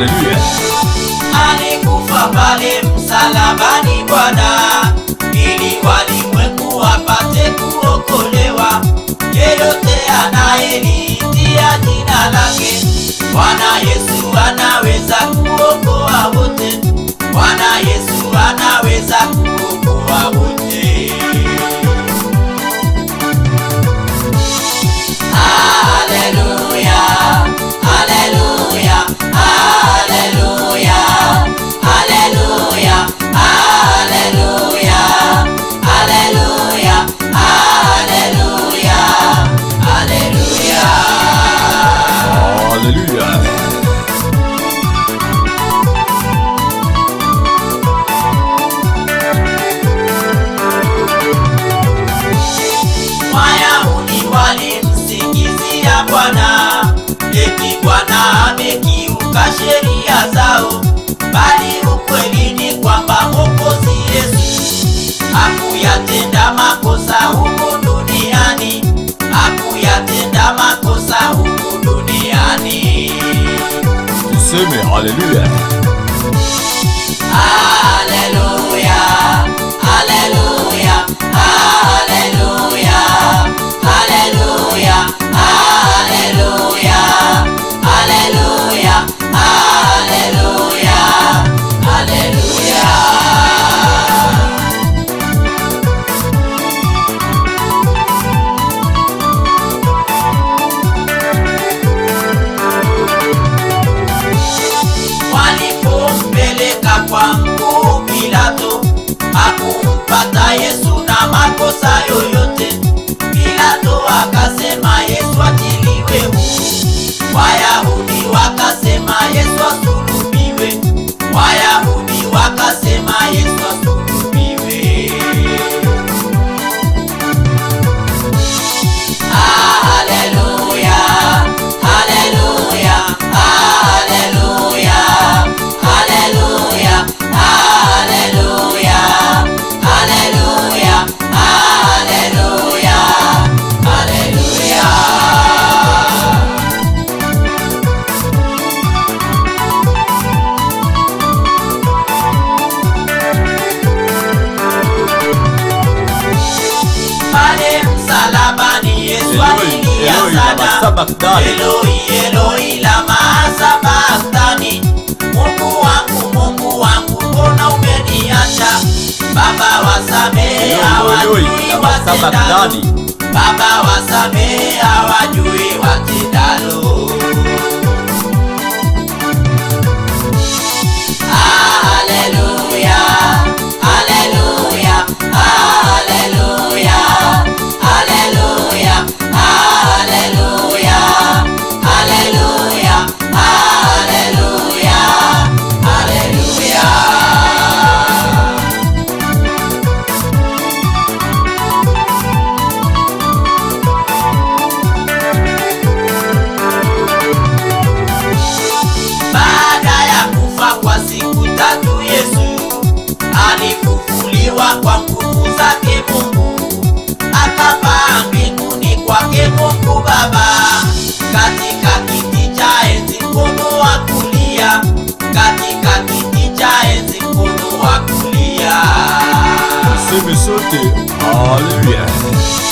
Haleluya. Alikufa pale msalabani Bwana ili walimwengu apate kuokolewa. Yeyote anayeliitia jina lake Bwana Yesu ana ya Bwana, eti Bwana amekiuka sheria zao, bali ukweli ni kwamba Mwokozi Yesu hakuyatenda makosa huku duniani, hakuyatenda makosa huku duniani. Tuseme haleluya. pale msalabani Yesu alilia sana, Eloi Eloi lama sabakthani, Mungu wangu Mungu wangu mbona umeniacha? Baba wasamehe hawajui watendalo, Baba wasamehe hawajui watendalo alifufuliwa kwa nguvu zake Mungu, akapaa mbinguni kwake Mungu Baba, katika kiti cha enzi mkono wa kulia, katika kiti cha enzi mkono wa kulia. Tuseme sote haleluya.